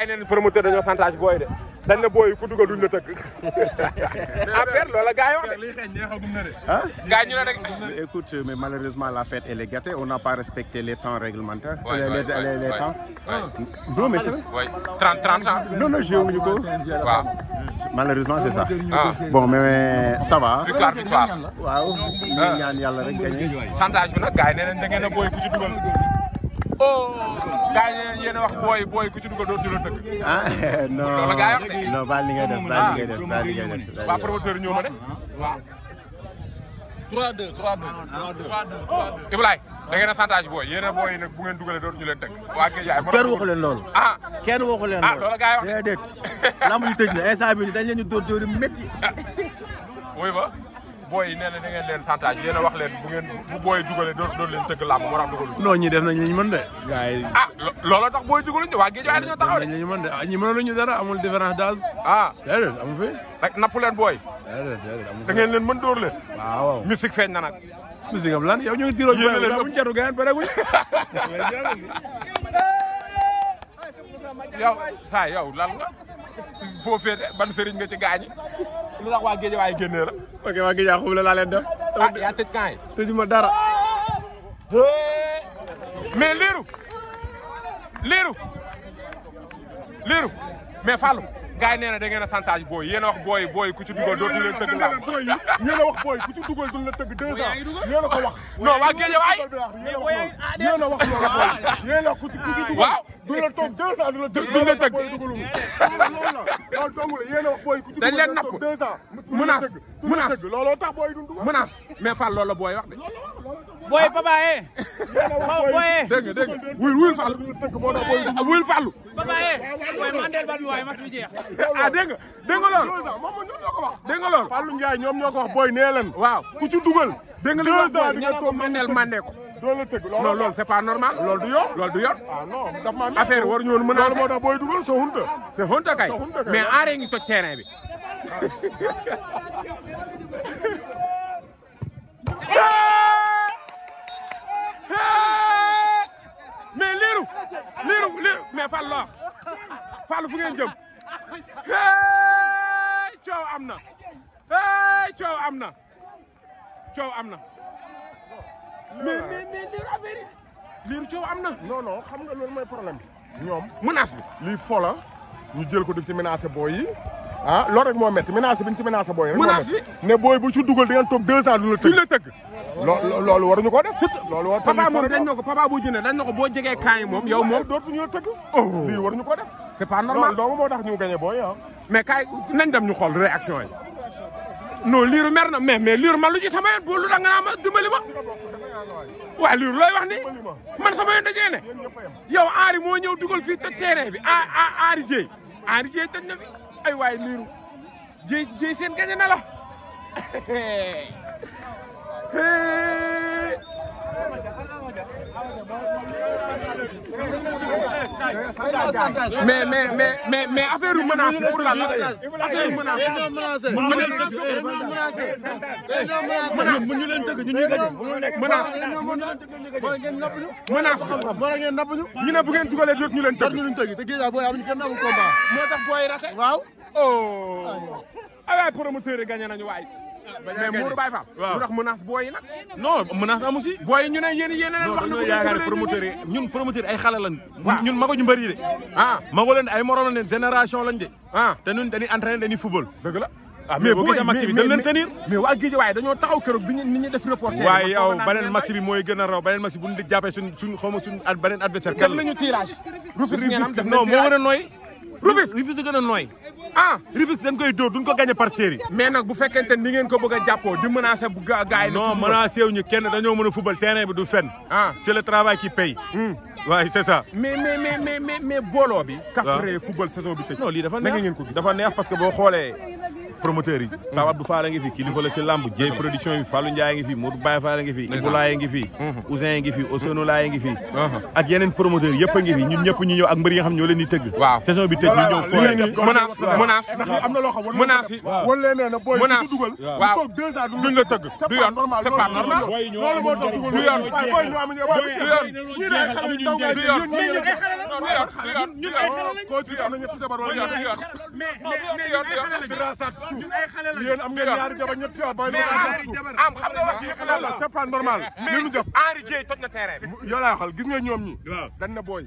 ay neen promoteur dañoo chantage boy de dañ na booy ku dugal duñ la teug en ah, perte lola gaay wax de hein? gars ñu ne rek écoute mais malheureusement la fête elle est gâtée on n'a pas respecté les temps réglementaires euh, les les temps non mais c'est vrai 30 30 ans non non joué wuñu ko waaw malheureusement c'est ça ah. bon mais ça va victoire victoire waaw ñu ah. ñaan yalla rek gagné chantage bi nak gaay yi nee nañ da ngeen a ku ci dugal gars yi yéen a wax booy booy ku ci dugal dootu ñu la tëkk. ah non loolu gars yi wax de. non baal de waaw. Ibulaay da ngeen a santage booy yéen a booy nag bu ngeen dugalee dootu ñu leen teg waa Géej yaay. kenn leen loolu. ah kenn waxu leen ah, loolu. ah loolu gars yi wax de déedéet. lamb ñu leen ñu dóor dóor métti. wuy booy yi nee na da ngeen leen chantage yéen a wax leen bu ngeen bu booy dugalee doo doon leen tëgg làmb moo tax dugaluñ. non ñi def nañ ñu mën de. Ah, tax booy dugaluñ de waa géej waaye dañoo taxaw de. ñu mën de ah ñi mënoon ñu dara amul différence d'âge. ah déedéet amu fi. rek leen booy. déedéet déedéet amu fi da ngeen leen mën dóor leen. waaw ah, waaw musique feeñ na nag. musique am lan yow ñu ngi tiiroo. yéen a leen ëpp yéen a leen ëpp yow saa yow lan la foo féete ban sëriñ nga ci gaañi lu tax waa Géejawaay génnee la. ok waa Géejawaay xum la laa leen def. ah yaa tëj kaay. tëjuma dara. mais a a wax booy booy ku a wax booy ku ci dugal duñ la tëgg waa Géejawaay yéen a du la toog deux ans du la toog du la tëgg loolu la loolu dong la yéen a wax booy ku ci dañ leen napp deux ans menace menace looloo tax booy dund menace mais Fall loolu la booy wax de booy papa eh booy dégg nga dégg nga wuyul wuyul Fall wuyul Fall papa eh booy mandel ba bi waay mas bi jeex ah dégg nga dégg nga loolu moom ñoom ñoo ko wax dégg nga loolu Fallou Ndiaye ñoom ñoo ko wax booy nee leen waaw ku ci dugal dégg nga li nga wax booy mandel mandel ko doo la tëgg loolu non loolu pas normal. loolu du yoon loolu du yoon. ah non daf maa nekk affaire waruñu woon mën a. loolu moo tax booy dugal c'est honte. c'est honte kay mais aaree ngi toj liiru liiru liiru mais Fall loox Fall fu ngeen jëm coow am na coow am na coow am na. mais mais mais liiru affaire yi liiru coow am na. non non xam nga loolu mooy problème bi. ñoom menace bi. lii fo la jël ko def ci menacé booy yi ah, moo métti menacé bi ñu ci menacé booy rek. ne booy bu ci dugal di ngeen toog deux du la tëgg. du la ko def. surtout moom dañ na ko papa boo jëndee dañ ko boo moom yow moom. Eh, dootuñu la tëgg. Oh. lii waruñu ko def. c'est pas normal loolu moo tax ñu gagné booy ah. mais kaay nañ dem ñu xool réaction yi non liiru mer na mais mais liiru lu ci sama yoon bu lu da ma dimbali ma waaye loolu looy wax ni man sama yoon yow aari moo ñëw dugal fii toj terrain bi a aari jéey aari jéey toj na fi ay waaye niiru jéey jéey seen gañe na la mais mais mais mais affaire yu menace pour la affaire yu menace. menace ñu leen tëgg ñu ñuy gañ. menace menace ñu ne bu ngeen jugalee doot ñu leen tëgg. te géej booy amuñu kenn amul combat. moo tax booy rate. waaw oh. ah waaye promoteur yi gagné nañu waay. mais Mourou Baye Fall. waaw lu tax menace booy yi nag. non menace amu booy yi ñu ne yéen yéen wax. ne bu ngeen promoteur yi ñun promoteur ay xale lañ. ñun mago ñu bëri ah. de. ay morom génération lañ de. ah te ñun dañuy entraîné dañuy football. dëgg la. ah mais boo gisee match bi dañoo taxaw keroog bi ñu def reporter waaye yow beneen match mooy gën a raw beneen match bu ñu di jàppee suñ suñ xaw ma suñ beneen adversaire. moo gën nooy. Rufisque ah Rufisque dañ koy dóor duñ ko gagné par série mais nag ni ngeen ko bëgg a jàppoo di menacé bu gaa kenn dañoo a fubal terrain bi du fenn ah c'est le travail waaye hmm. c'est ça mais mais mais mais mais booloo bi ah. tëj dafa neex ngeen ko gis dafa neex parce boo xoolee promoteur yi Pape Abdou Fall a ngi fi kilifa si lamb Dieye ah. production yi Fallou Ndiaye ngi fi Modou Baye Fall a ngi fi Ibulaay ngi fi hmm. Ousin ngi fi ah. ak yeneen promoteur yëpp ngi fi ñun ñëpp ñu ñëw menace eh, menace yi menace waaw duñ la tëgg du yoon c'est pas normal du yoon du yoon du yoon du yoon du yoon du yoon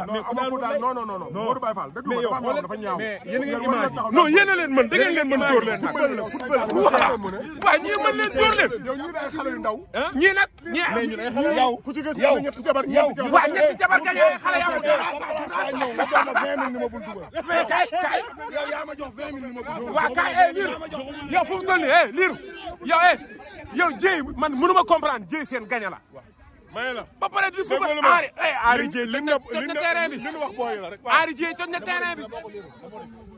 ah mais ku daal a ngi image a leen mën da leen mën ñii mën leen dóor leen yu ndaw ñii nag ñii am yow ku ci gën ñetti jabar ñetti waaw ñetti jabar ga yow xale yaa ma dóor sa ñëw nga jox ma 20000 ni ma bul kay kay yow yaa ma jox 20000 ni eh, liir yow fu mu toll eh, eh, man mënuma comprendre jéy seen gaña la may la ba pare di football aari ay eh, aari na terrain bi li ñu wax booy la rek aari jéey toj na terrain bi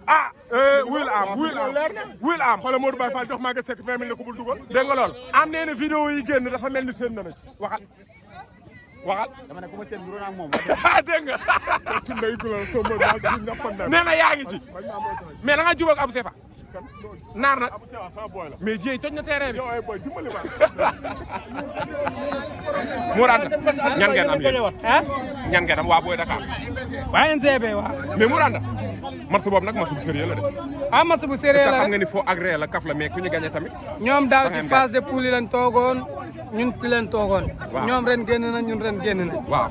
ah eh, wil am wil am wil am xoolal Modou Baye Fall jox Maguette Seck vingt mille la ko bul dugal dégg nga lool am nee na vidéo yi génn dafa mel ni seen na ci waxal waxal dama ne ku ma seen buróon ak moom dégg nga so mo ba gi na nee yaa ngi ci mais da nga am sefa naar nag mais jéey toj na terrain bi. moo daan ñan ngeen am yéen ñan ngeen am waa Boy Dakar. waa NCB waa. mais Mouranda match boobu nag match bu sérieux la de. ah match bu sérieux la xam nga ni foo agréé la kaf la mais ku ñu gagné tamit. ñoom daaw ci phase de poule yi lañ toogoon ñun ci leen toogoon. ñoom ren génn na ñun ren génn na. waaw.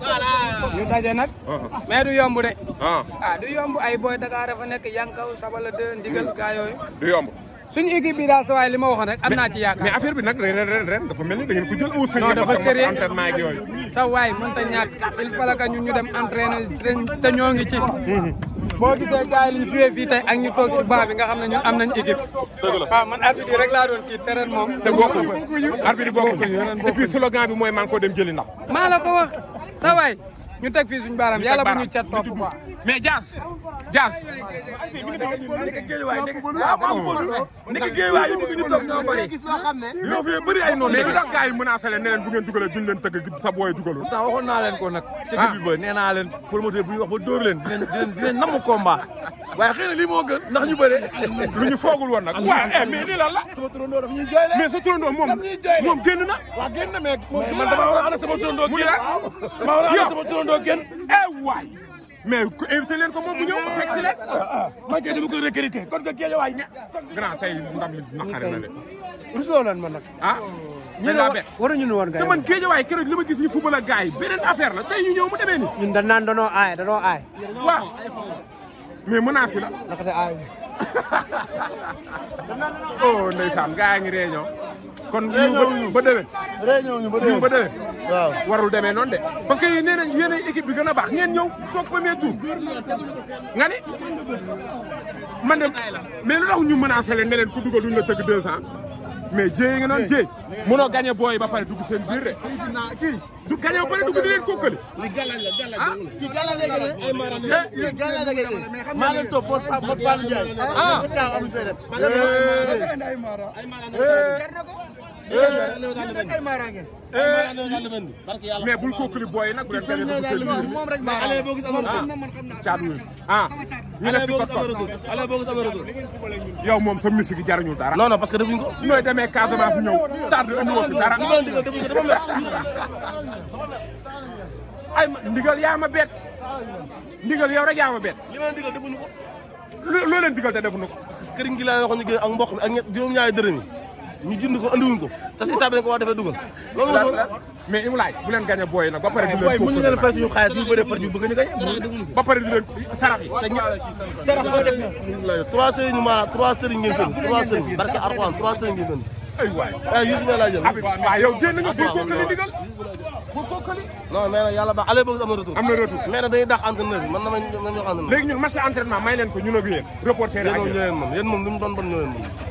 ñu daje nag. mais du yomb de. ah, ah du yomb ay booy Dakar fa nekk yankaw sabala de ndigal gaa yooyu. du yomb. suñu équipe bi daal sa li ma waxoon rek am naa ci yaakaar. mais affaire bi nag ren ren dafa mel ni da ngeen ko jël au sérieux. non dafa sérieux entraînement ak yooyu. sa waay a ñàkk ñu dem entraîner te ñoo ngi ci. boo gisee gars yi li ñu joué ak ñu toog si baa bi nga xam ne ñun am nañ équipe. dëgg la waaw ah, man arbitre rek laa doon kii terrain moom. te bokkuñu arbitre bokkuñu. bi mooy maa ngi ko dem jëli ndax. maa la ko wax ñu teg fii suñu baaraam yàlla bu ñu cat topp quoi mais Diaz Diaz ah, nekk géewaay yu bëgg ñu toog ñoo bëri ñoo fi bëri ay noonu mais lu tax gars yi menacé leen ne leen bu ngeen dugalee duñ leen tëgg sa booy dugalul sa waxoon naa leen ko nag ah. ci bi ba nee naa leen promoteur bu ñu wax ba dóor leen dinañ dinañ namm waaye xëy na lii moo gën ndax ñu bëre lu ñu foogul woon nag waaw eh, mais lii lan la moom moom na waaw génn na mais man dama war a sama turandoo génn dama war a sama turandoo génn eh waay mais ku invité leen ko moom bu ñëw fekk si leen ah, ah. man kay dama koy recruter kon que géej waay grand tey ndam li na de rusloo lan ma nag ah mais laa bet waruñu nu woon gars yi te man géej waay keroog li ma gis ñu football ak gars yi beneen la tey ñu ñëw mu demee ni ñun dañ naan danoo aay danoo aay mais menace oh, yi la. naka de aay. oh gaa ngi réunion. kon ñu ba déwén. réunion ñu ba déwén warul demee noonu de. parce que yéen nee nañ yéen ay équipe bi gën a baax ngeen ñëw toog premier tour. nga ni man de mais lu tax ñu menacé leen ne leen ku dugal duñ la mais jéey nga noon jéey mënoo gagné booy ba pare dugg seen biir de. kii du gagné ba pare dugg di leen kokkali. li gàllankoor gàllankoor. ah. Eh. Eh. Eh. kay eh. marange eh. mais bul ko clip boy nak bu len mom rek ma ale ah, ah. ñu def ci ale bo gis amara ko mom sa musique jariñul dara non non parce que defuñ ko noy démé casamance ñew tardu andi wo fi dara ay ya ma bet ndigal yow rek ya ma bet li lo len digal te defuñ ko sëriñ gi la waxon ni ak mbokk ak ñu jënd ko andiwuñ ko te si stade bi dañ ko war a defee dugal. loolu la mais Imulaay bu leen gañe booy nag ba pare. du leen kooku ñu leen fay suñu xaalis ñu bëree par ñu bëgg ñu gañe. ba pare du leen sarax yi. sarax boo def na. trois sëriñ ñu maanaam trois sëriñ ngeen gën trois sëriñ barke Alxuraan trois sëriñ ngeen gën. aywaay waaw eh, Youssou Mbaye laa jël. waaw yow génn nga bul kookali digal bul kookali. non mais nag yàlla baax allé boobu am na retour. am na retour mais nag dañuy dàq entraîneur bi man damay ñoo xam ne. léegi ñun match entraînement may leen ko ñun ak yéen. reporter ak yéen yéen moom yéen moom lu mu doon bon ñoo leen moom